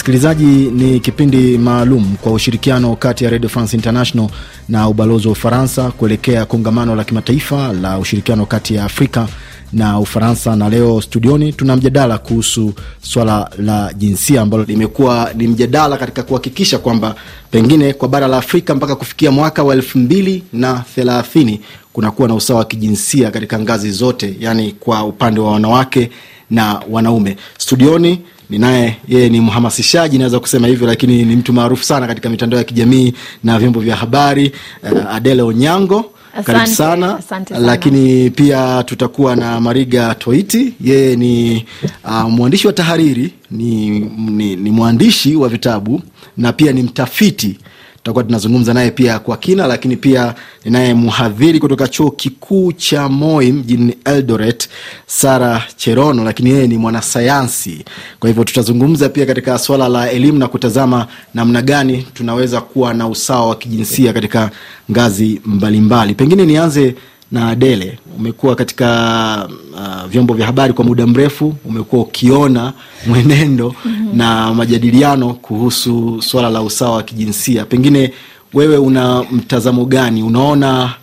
Msikilizaji, ni kipindi maalum kwa ushirikiano kati ya Radio France International na ubalozi wa Ufaransa kuelekea kongamano la kimataifa la ushirikiano kati ya Afrika na Ufaransa, na leo studioni tuna mjadala kuhusu swala la jinsia ambalo limekuwa ni mjadala katika kuhakikisha kwamba pengine kwa bara la Afrika mpaka kufikia mwaka wa elfu mbili na thelathini kunakuwa na usawa wa kijinsia katika ngazi zote, yani kwa upande wa wanawake na wanaume. Studioni ninaye yeye ni mhamasishaji naweza kusema hivyo, lakini ni mtu maarufu sana katika mitandao ya kijamii na vyombo vya habari uh, Adele Onyango karibu sana. Asante sana. Lakini pia tutakuwa na Mariga Toiti, yeye ni uh, mwandishi wa tahariri ni, ni, ni mwandishi wa vitabu na pia ni mtafiti tutakuwa tunazungumza naye pia kwa kina, lakini pia ninaye mhadhiri kutoka chuo kikuu cha Moi mjini Eldoret, Sara Cherono, lakini yeye ni mwanasayansi. Kwa hivyo tutazungumza pia katika swala la elimu na kutazama namna gani tunaweza kuwa na usawa wa kijinsia katika ngazi mbalimbali mbali. Pengine nianze na Adele umekuwa katika uh, vyombo vya habari kwa muda mrefu, umekuwa ukiona mwenendo mm -hmm. na majadiliano kuhusu swala la usawa wa kijinsia. Pengine wewe una mtazamo gani? Unaona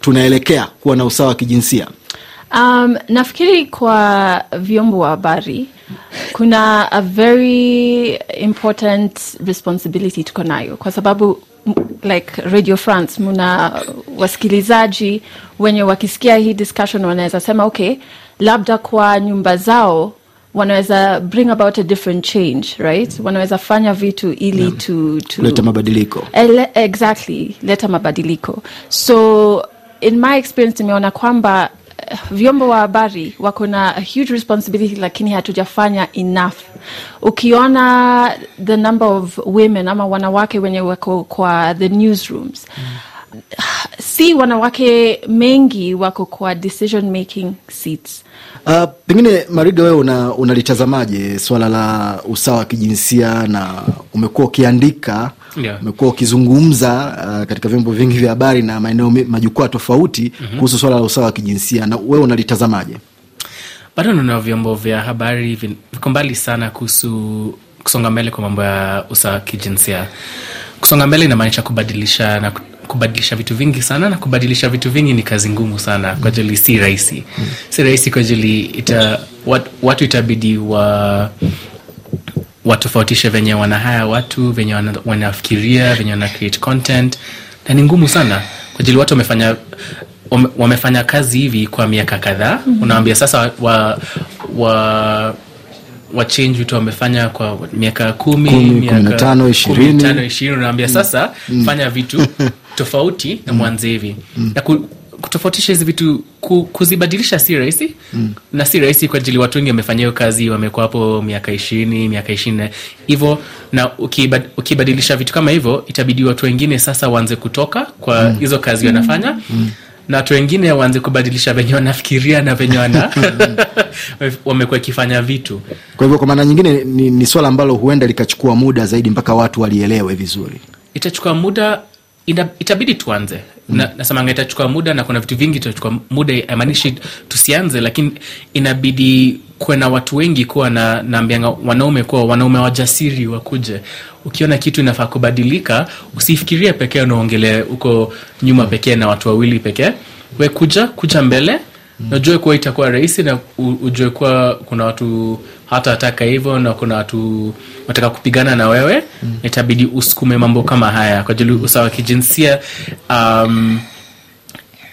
tunaelekea kuwa na usawa wa kijinsia? Um, nafikiri kwa vyombo vya habari kuna a very important responsibility tuko nayo kwa sababu like Radio France mna wasikilizaji wenye wakisikia hii discussion wanaweza sema okay, labda kwa nyumba zao wanaweza bring about a different change right wanaweza fanya vitu ili yeah. to, to leta mabadiliko ele, eh, exactly leta mabadiliko so in my experience nimeona kwamba vyombo wa habari wako na huge responsibility, lakini hatujafanya enough. Ukiona the number of women ama wanawake wenye wako kwa the newsrooms mm. Si wanawake mengi wako kwa decision making seats. Uh, pengine Mariga, wewe unalitazamaje una swala la usawa wa kijinsia na umekuwa ukiandika umekuwa yeah. ukizungumza uh, katika vyombo vingi vya habari na maeneo majukwaa tofauti mm -hmm. kuhusu swala la usawa wa kijinsia, na wewe unalitazamaje? Bado naona vyombo vya habari viko mbali sana kuhusu kusonga mbele kwa mambo ya usawa wa kijinsia. Kusonga mbele inamaanisha kubadilisha na kubadilisha vitu vingi sana, na kubadilisha vitu vingi ni kazi ngumu sana kwa ajili, si rahisi, mm. si rahisi kwa ajili ita, wat, watu itabidi wa watofautishe venye wanahaya watu venye wanafikiria venye wana create content na ni ngumu sana kwa ajili watu wamefanya wamefanya kazi hivi kwa miaka kadhaa mm-hmm. unawambia sasa wa, wa wachange vitu wamefanya kwa miaka kumi, kumi ishirini unawambia sasa mm. fanya vitu tofauti na mwanze hivi mm. na ku, kutofautisha hizi vitu ku, kuzibadilisha si rahisi mm. na si rahisi kwa ajili watu wengi wamefanya hiyo kazi wamekuwa hapo miaka ishirini miaka ishirini na hivo na ukibad, ukibadilisha vitu kama hivyo itabidi watu wengine sasa waanze kutoka kwa mm. hizo mm. kazi wanafanya mm. mm na watu wengine waanze kubadilisha venye wanafikiria na venye wana wamekuwa ikifanya vitu kwa hivyo kwa maana nyingine ni, ni swala ambalo huenda likachukua muda zaidi mpaka watu walielewe vizuri itachukua muda ina, itabidi tuanze mm. na, itachukua muda na kuna vitu vingi tachukua muda amaanishi tusianze lakini inabidi kuwe na watu wengi kuwa na naambianga wanaume kuwa wanaume wajasiri wakuje ukiona kitu inafaa kubadilika usifikirie pekee unaongelee huko nyuma pekee na watu wawili pekee we kuja kuja mbele mm. najue kuwa itakuwa rahisi na ujue kuwa kuna watu wataka hivyo na kuna watu wataka kupigana na wewe mm. itabidi usukume mambo kama haya kwa ajili usawa kijinsia um,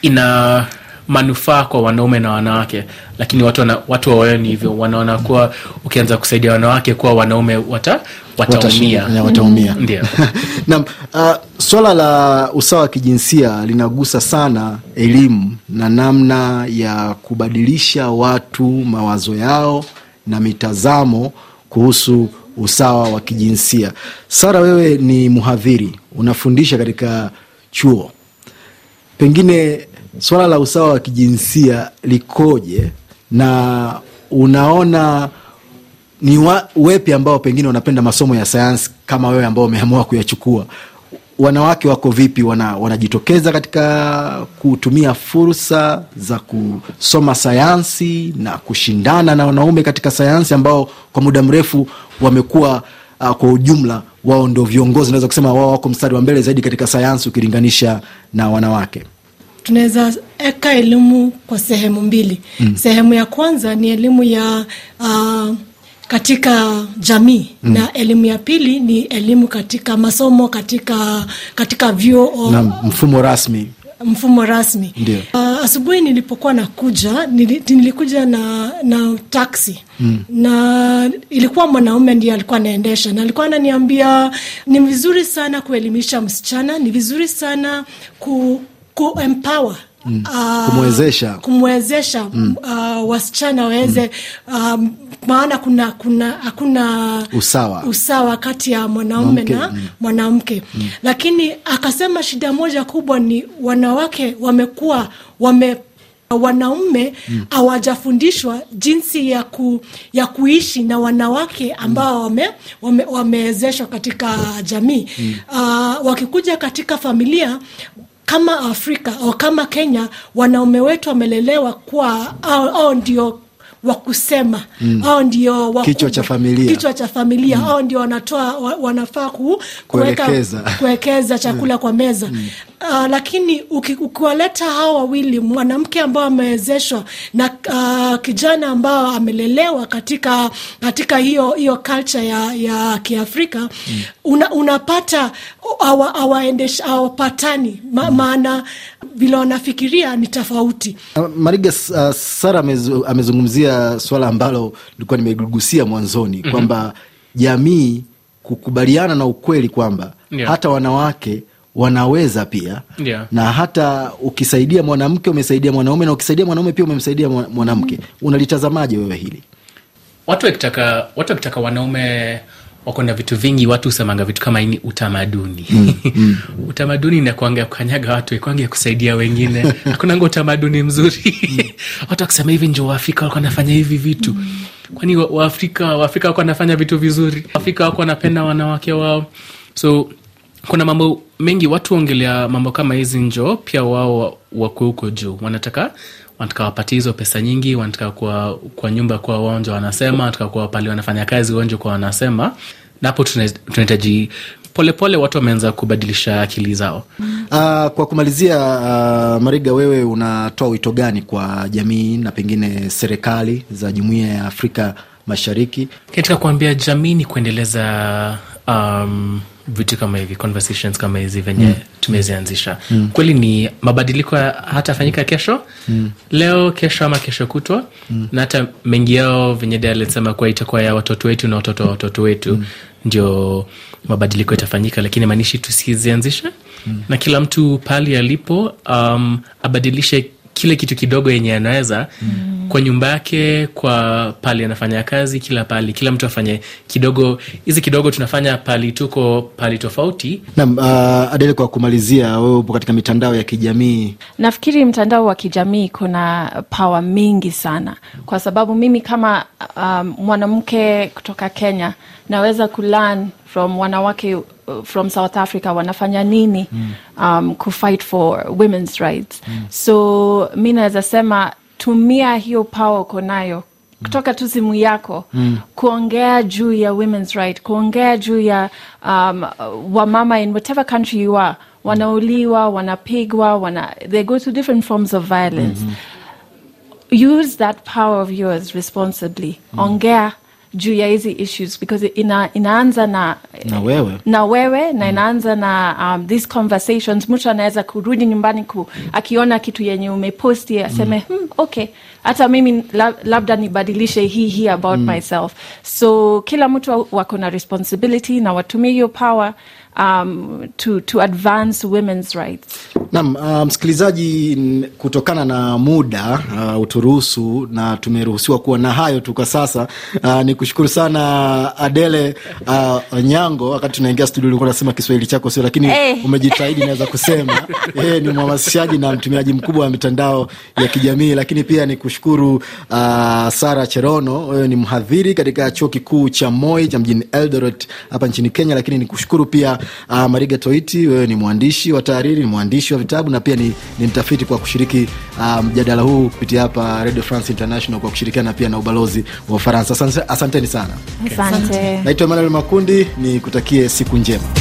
ina manufaa kwa wanaume na wanawake lakini watu, wana, watu wawewe ni hivyo wanaona kuwa ukianza kusaidia wanawake kuwa wanaume wata wataumia wataumia wata mm. nam uh, swala la usawa wa kijinsia linagusa sana elimu na namna ya kubadilisha watu mawazo yao na mitazamo kuhusu usawa wa kijinsia. Sara, wewe ni mhadhiri, unafundisha katika chuo, pengine swala la usawa wa kijinsia likoje na unaona ni wa, wepi ambao pengine wanapenda masomo ya sayansi kama wewe ambao umeamua kuyachukua wanawake wako vipi, wana, wanajitokeza katika kutumia fursa za kusoma sayansi na kushindana na wanaume katika sayansi ambao kwa muda mrefu wamekuwa uh, kwa ujumla wao ndio viongozi, naweza kusema wao wako mstari wa mbele zaidi katika sayansi ukilinganisha na wanawake. Tunaweza eka elimu kwa sehemu mbili. Mm. Sehemu ya kwanza ni elimu ya uh, katika jamii mm. na elimu ya pili ni elimu katika masomo katika, katika vyuo oh, na mfumo rasmi mfumo rasmi. Uh, asubuhi nilipokuwa nakuja nili, nilikuja na, na taksi mm. na ilikuwa mwanaume ndiye alikuwa anaendesha, na alikuwa ananiambia ni vizuri sana kuelimisha msichana, ni vizuri sana ku, ku empower mm. uh, kumwezesha kumwezesha mm. uh, wasichana waweze mm maana kuna kuna hakuna usawa, usawa kati ya mwanaume na mm. mwanamke mm. Lakini akasema shida moja kubwa ni wanawake wamekuwa wame wanaume mm. hawajafundishwa mm. jinsi ya, ku, ya kuishi na wanawake ambao mm. wame, wamewezeshwa wame katika jamii mm. Uh, wakikuja katika familia kama Afrika au kama Kenya, wanaume wetu wamelelewa kwa au, au ndio wa kusema mm. Hao ndio kichwa cha familia, kichwa cha familia. Mm. Hao ndio wanatoa wanafaa ku, kuweka kuwekeza chakula mm. kwa meza mm. Uh, lakini ukiwaleta hawa wawili mwanamke ambao amewezeshwa na uh, kijana ambao amelelewa katika, katika hiyo, hiyo culture ya, ya Kiafrika mm. una, unapata awaendesha awapatani ma, mm. maana vile wanafikiria ni tofauti. Uh, Mariga, uh, Sara amezungumzia swala ambalo nilikuwa nimegusia mwanzoni mm -hmm. kwamba jamii kukubaliana na ukweli kwamba yeah. hata wanawake wanaweza pia yeah. na hata ukisaidia mwanamke umesaidia mwanaume, na ukisaidia mwanaume pia umemsaidia mwanamke. Mhm. Unalitazamaje wewe hili? Watu wakitaka watu wakitaka wanaume wako vitu vingi, watu husemanga vitu kama ini utamaduni mm, mm. utamaduni nakwanga kukanyaga watu kwanga kusaidia wengine akunanga utamaduni mzuri hmm. watu wakisema hivi njo Waafrika walikuwa nafanya hivi vitu hmm. kwani Waafrika Waafrika wako wanafanya vitu vizuri, Waafrika wako wanapenda wanawake wao, so kuna mambo mengi watu waongelea mambo kama hizi, njo pia wao wakwe huko juu wanataka wanataka wapatie hizo pesa nyingi, wanataka kwa, kwa nyumba kuwa waonjwa wanasema, wanataka kuwa pale wanafanya kazi waonjwa kwa wanasema, na tunahitaji polepole watu wameanza kubadilisha akili zao. Uh, kwa kumalizia, uh, Mariga, wewe unatoa wito gani kwa jamii na pengine serikali za jumuia ya Afrika Mashariki katika kuambia jamii ni kuendeleza um, vitu kama hivi conversations kama hizi venye mm. tumezianzisha mm. kweli ni mabadiliko hatafanyika kesho mm. leo kesho ama kesho kutwa mm. na hata mengi yao venye dalisema kuwa itakuwa ya watoto wetu na watoto wa watoto wetu mm. ndio mabadiliko yatafanyika lakini maanishi tusizianzisha mm. na kila mtu pali alipo um, abadilishe kile kitu kidogo yenye anaweza mm. kwa nyumba yake, kwa pali anafanya kazi, kila pali, kila mtu afanye kidogo. Hizi kidogo tunafanya pali, tuko pali tofauti. nam Uh, Adele, kwa kumalizia, wewe upo katika mitandao ya kijamii. Nafikiri mtandao wa kijamii kuna pawa mingi sana, kwa sababu mimi kama um, mwanamke kutoka Kenya naweza kulan from wanawake from South Africa wanafanya nini mm. um, kufight for women's rights mm. so mi naweza sema tumia hiyo power uko nayo kutoka tu simu yako mm. kuongea juu ya women's right, kuongea juu ya um, wamama in whatever country you are, wanauliwa, wanapigwa, wana, they go through different forms of violence mm -hmm. Use that power of yours responsibly mm. Ongea juu ya hizi issues because ina, inaanza na na wewe na wewe na inaanza na um, these conversations. Mtu anaweza kurudi nyumbani ku, akiona kitu yenye umeposti aseme mm. hmm, okay hata mimi lab, labda nibadilishe hii hii about mm. myself. So kila mtu wako na responsibility na watumie hiyo power um, to, to advance women's rights. Naam, uh, msikilizaji, kutokana na muda uh, uturuhusu na tumeruhusiwa kuwa na hayo tu kwa sasa. Uh, ni kushukuru sana Adele uh, Nyango. Wakati tunaingia studio ulikuwa unasema Kiswahili chako sio, lakini hey, eh. umejitahidi naweza kusema hey, ni mhamasishaji na mtumiaji mkubwa wa mitandao ya kijamii, lakini pia ni kushukuru uh, Sara Cherono, wewe ni mhadhiri katika chuo kikuu cha Moi cha mjini Eldoret hapa nchini Kenya, lakini ni kushukuru pia Uh, Mariga Toiti, wewe ni mwandishi wa tahariri, ni mwandishi wa vitabu na pia ni, ni mtafiti kwa kushiriki ah, mjadala um, huu kupitia hapa Radio France International kwa kushirikiana pia na ubalozi wa Ufaransa. Asanteni sana. Asante. Naitwa Emanuel Makundi, ni kutakie siku njema.